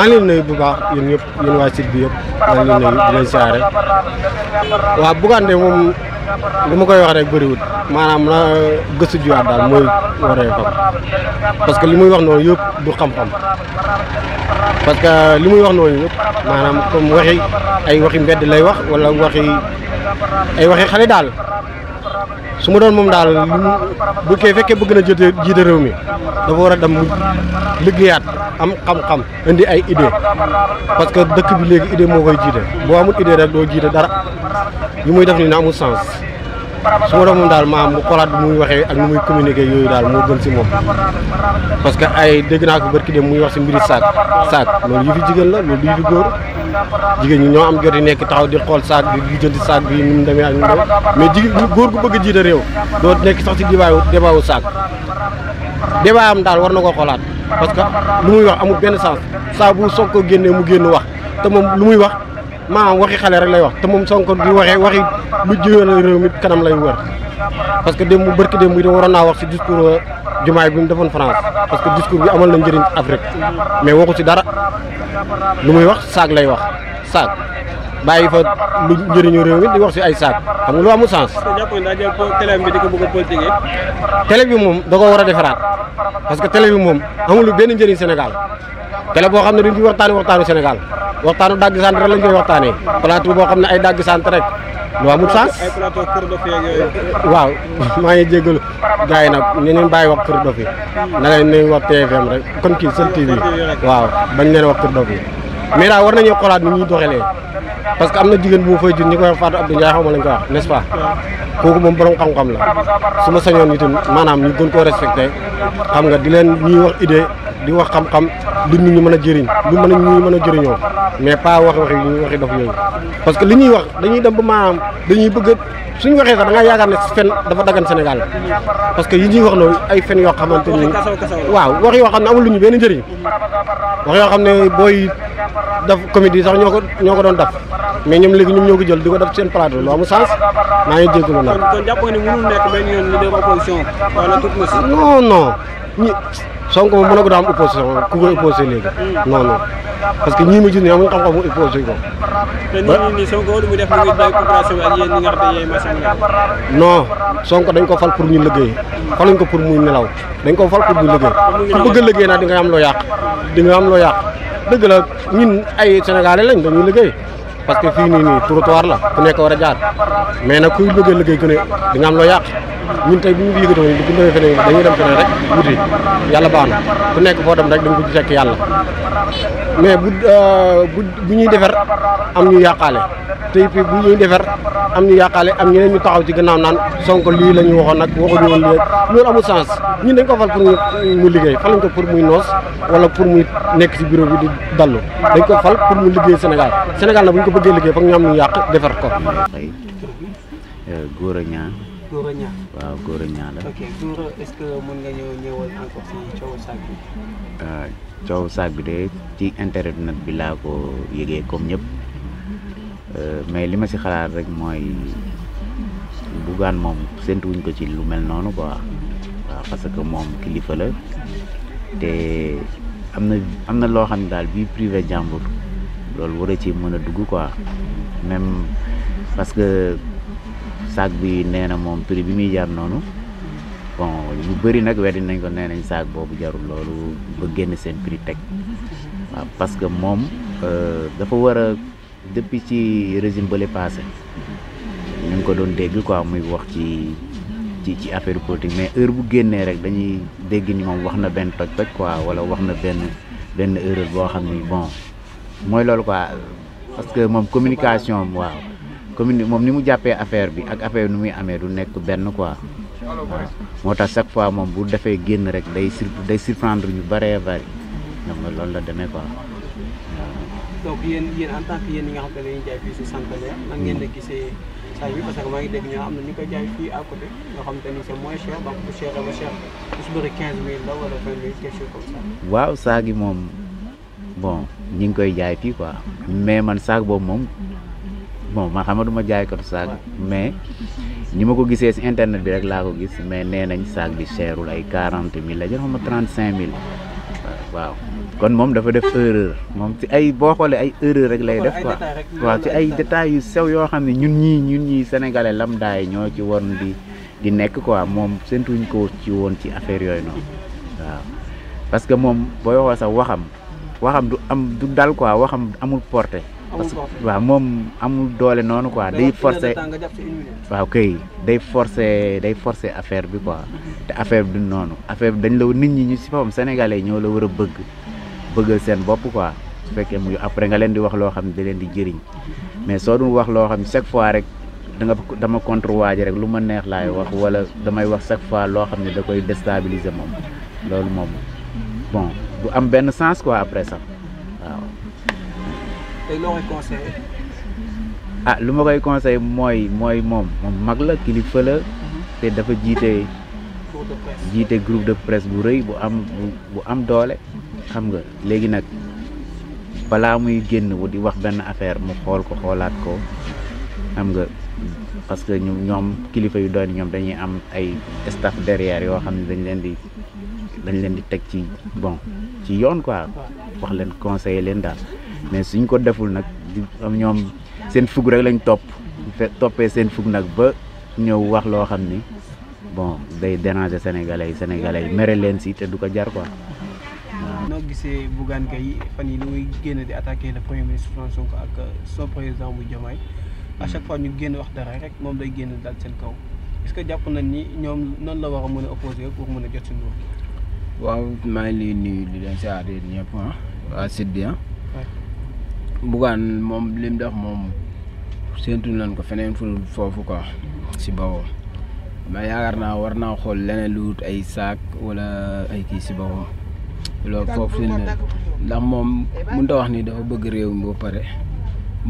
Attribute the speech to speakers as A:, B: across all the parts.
A: maa ngi leen nuyu bu baax yéen ñëpp yéen waa site bi yëpp maa ngi leen nuyu di leen moom lu ma koy wax rek bëriwut maanaam na gëstu jiwaat daal mooy waree fam parce que li muy wax noonu yëpp du xam-xam parce que li muy wax noonu yëpp maanaam comme waxi ay waxi mbedd lay wax wala waxi ay waxi xale daal su ma doon moom daal lu bu kee fekkee bëgg na jotee jiite réew mi dafa war a dem liggéeyaat am xam-xam indi ay idée parce que dëkk bi léegi idée moo koy jiite boo amul idée rek doo jiite dara yi muy def ni na amul sens su ma demoon daal maam mu xoolaat bi muy waxee ak ni muy communiquer yooyu daal moo gën si moom parce que ay dégg naa ko barki dem muy wax si mbiri saak saak loolu yu jigéen la loolu yu fi góor jigéen ñi ñoo am jot nekk taxaw di xool saak bi di jënd saak bi ni mu demee ak ni mu mais jigéen góor gu bëgg a jiite réew doo nekk sax si dibaayu debaawu saak débaayam daal war na ko xoolaat parce que lu muy wax amul benn sens saa bu Sonko génnee mu génn wax te moom lu muy wax maa maanaam waxi xale rek lay wax te moom Sonko di waxee waxi lu jëlee réew mi kanam lay wër parce que mu barki démb bi waroon naa wax si discours jumaay euh, bi mu defoon France parce que discours bi amal na njëriñ Afrique mais waxu si dara lu muy wax saak lay wax saak bàyyi fa lu njëriñu réew mi di wax si ay saak xam nga lu amul sens. télé bi moom da ko war a defaraat parce que télé bi moom lu benn njëriñ Sénégal télé boo xam ne duñ fi waxtaanee waxtaanu Sénégal waxtaanu dagg sant rek lañ koy waxtaanee plateau boo xam ne ay dagg sant rek lu amul sens. waaw maa ngi jégalu gars yi nag ñu leen bàyyi wax kër dof yi na leen nañ wax TFM rek kon kii Sen TV waaw bañ leen wax kër dof yi mais daal war nañoo xoolaat ni ñuy doxalee. parce que am na jigéen bu ma fay jur ñi koy wax Fatou Abdou Ndiaye xaw wax n'est-ce pas moom borom xam-xam la su ma sañoon itam maanaam ñu gën koo respecté xam nga di leen ñuy wax idée di wax xam xam li nit ñi mëna jëriñ lu mëna ñi mëna jëriñoo mais pas wax wax yi waxi dof yoy parce que li ñuy wax dañuy dem ba maam dañuy bëgg suñu waxe sax da nga yaakaar ne fen dafa dagan sénégal parce que yi ñuy wax no ay fen yo xamanteni waaw wax yo xam amul lu ñu benn jëriñ wax yo xamne boy daf comédie sax ñoko ñoko ñoo doon daf mais ñom léegi ñom ñoko jël diko daf seen plateau lu amul sens ma ngi lu nag kon japp nga ni mënul nekk ben yoon li de opposition wala tout non non Sonko moom mën na ko daam opposition ku koy opposé léegi non parce que ñii ma gis ne amuñu xam-xam mu opposé ko.
B: te
A: Sonko lu dañ ko fal pour ñu liggéey faluñ ko pour mu nelaw dañ ko fal pour muy liggéey ku bëgg a liggéey nag di nga am loo yàq di nga am loo yàq dëgg la ñun ay sénégalais lañ dañuy liggéey. parce que fii nii nii trottoir la ku nekko war a jaar mais nag kuy bëgg ku ne di nga am loo yàq. ñun tey bu ñu yëgatoo bu ñu defee dañuy dem feneen rek wuti yàlla baax na ku nekk foo dem rek da nga ko ci fekk yàlla mais bu bu bu ñuy defar am ñu yàqaale te fi bu ñuy defar am ñu yàqaale am ñeneen ñu taxaw ci gannaaw naan sonko lii la ñu waxoon nag waxuñu woon lii loolu amul sens ñun dañ ko fal pour mu liggéey falañ ko pour muy noos wala pour muy nekk ci bureau bi di dallu dañ ko fal pour mu liggéey Sénégal Sénégal na bu ko bëggee liggéey foog ñu ñu yàq defar ko.
C: góor ñaan Gora Niang. waaw Gora Niang la. ok Gora que
B: mën nga ñëw ñëwal encore ci coow saag bi.
C: Ah, coow saag de ci internet bi laa ko yëgee comme ñëpp euh, mais li ma ci xalaat rek mooy Bougane moom séntuwuñ ko ci lu mel noonu quoi waaw parce que moom kilifa la te am na am na loo xam ne daal bi privé jàmbur loolu war a ci mën a dugg quoi même parce que. sac bi nee na moom prix bi muy jar noonu bon ñu bëri nag weddi nañ ko nee nañ sac boobu jarul loolu ba génn seen prix teg waaw parce que moom euh, dafa war a depuis ci régime bële passé ñu ko doon dégg quoi muy wax ci ci ci affaire politique mais heure bu génnee rek dañuy dégg ni moom wax na benn toj-toj quoi wala wax na benn benn erreur boo xam ni bon mooy loolu quoi parce que moom communication waaw. commune moom ni mu jàppee affaire bi ak affaire bi nu muy amee du nekk benn ko waaw moo tax chaque fois moom bu defee génn rek day sur day surprendre ñu bëree bëri loolu la demee quoi.
B: donc yéen xam ne dañuy jaay fii ngi am na ñu koy jaay fii à
C: côté yi moom bon ñi ngi koy jaay fii quoi mais man saag boobu moom. bon man xam nga du jaay ko saag mais ñi ma ko gisee si internet bi rek laa ko gis mais nee nañ saag bi cherul ay quarante mille la jël xam nga trente cinq mille waaw kon moom dafa def erreur moom ci ay boo xoolee ay erreur rek lay def quoi waaw ci ay détails yu sew yoo xam ne ñun ñii ñun ñii sénégalais lambda yi ñoo ci woon di di nekk quoi moom séntuñ ko ci woon ci affaire yooyu noonu waaw parce que moom booy waxoo sax waxam waxam du am du dal quoi waxam amul portée parce que waaw moom amul doole noonu quoi day forcer waaw kay day force day forcer affaire bi quoi mhm. te affaire bi du noonu affaire dañ la nit ñi ñu si boppam sénégalais ñoo la war a bëgg bëggal seen bopp quoi su fekkee muy après nga leen di wax loo xam ne da leen di jëriñ mais soo dul wax loo xam ne chaque fois rek da nga dama contre waaji rek lu ma neex laay wax wala damay wax chaque fois loo xam ne da koy déstabiliser moom loolu moom bon du am benn sens quoi après sax tey loo ah lu ma koy conseillé mooy mooy moom moom mag la kilifa la. te dafa jiite. jiite groupe de presse bu rëy bu am bu am doole. xam nga léegi nag balaa muy génn di wax benn affaire mu xool ko xoolaat ko xam nga parce que ñu ñoom kilifa yu doon ñoom dañuy am ay staff derrière yoo xam ne dañ leen di dañ leen di teg ci bon ci yoon quoi wax leen conseiller leen daal. mais suñ ko deful nag ñoom seen fug rek lañ topp toppee seen fug nag ba ñëw wax loo xam ni bon day déranger sénégalais yi sénégalais yi mere leen si te du ko jar ko
B: noo gisee Bougane Gueye fan yi li muy génn di attaqué le premier ministre Sonko ak euh, son président bu Diomaye à chaque fois ñu génn wax dara rek moom day génn daal seen kaw est que jàpp nañ ni ñoom noonu la wax a mën a opposé pour mën a jot si nguur
D: waaw maa ngi lay nuyu di leen si aar ñëpp ah waa Sud bi ah. Bougane moom li mu def moom séentu nañ ko feneen fu foofu ko si bawoo ma yaakaar naa war naa xool leneen lu ay saak wala ay kii si bawoo loolu foofu ne ndax moom mënut a wax ni dafa bëgg réew moo pare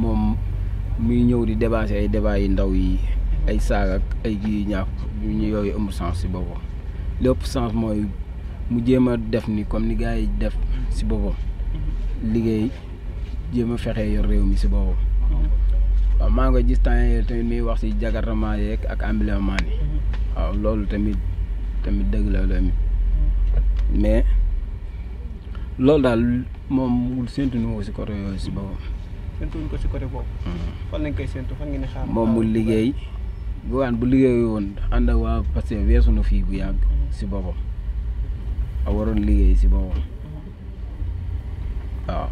D: moom muy ñëw di débaase ay débat yi ndaw yi ay saag ak ay ji ñàkk yooyu amul sens si boppam lépp sens mooy mu jéem a def ni comme ni gars yi def si boppam mhm. liggéey. jéem a fexee yor réew mi si boobu waaw maa ngi koy gis temps tamit muy wax si jagartamaa yeeg ak ambulement yi waaw loolu tamit tamit dëgg la tamit mais loolu daal moom séntu nu ko si côté yooyu si
B: boppam. ko si côté hmm. lañ koy séntu fan ngeen di moom mu
D: liggéey bu bu liggéey woon ànd ak waa parce que weesu na fii bu yàgg si boppam a waroon liggéey si boppam hmm. waaw.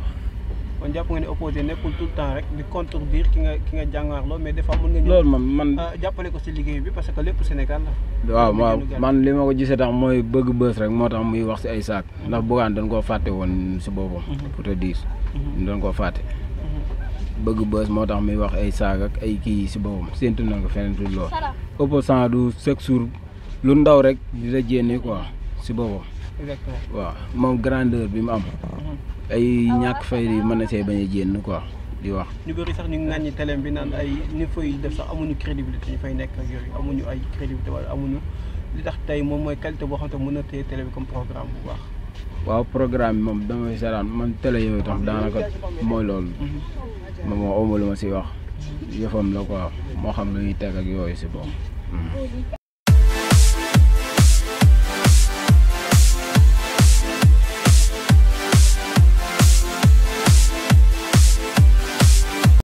B: kon jàpp nga ne opposé nekkul tout le temps rek di contredire ki nga ki nga jàngaarloo mais des fois mën loolu moom man ah, jàppale ko si liggéey bi parce que lépp Sénégal la. waaw waaw
D: man li ma ko jisee tax mooy bëgg bës rek moo tax muy wax si ay saak. Mhm. ndax Bougane dañ koo fàtte woon si boppam. Mhm. pour te dire. Mhm. dañ koo fàtte. bëgg bës moo tax muy wax ay saak ay kii yi si boppam séntu na ko feneen tuuti lool. opposant du chaque jour lu ndaw rek di la jénne quoi si boppam. exactement waaw moom grandeur bi mu am. ay ah, ñak fay mëna tay baña jenn quoi di wax
B: ñu bari sax ñu ngañ télé bi naan ay ni fay def sax amuñu crédibilité ñu fay nek ak yoy amuñu ay crédibilité wala amuñu li tax tay mom moy qualité bo xamantene mëna tay télé bi comme programme bu wax
D: waaw programme mom dama fay sétan man télé yoy tax danaka moy lool mom mm-hmm. mo amul ma ci wax yefam la quoi mo xam lu ñuy tek ak yoy ci bok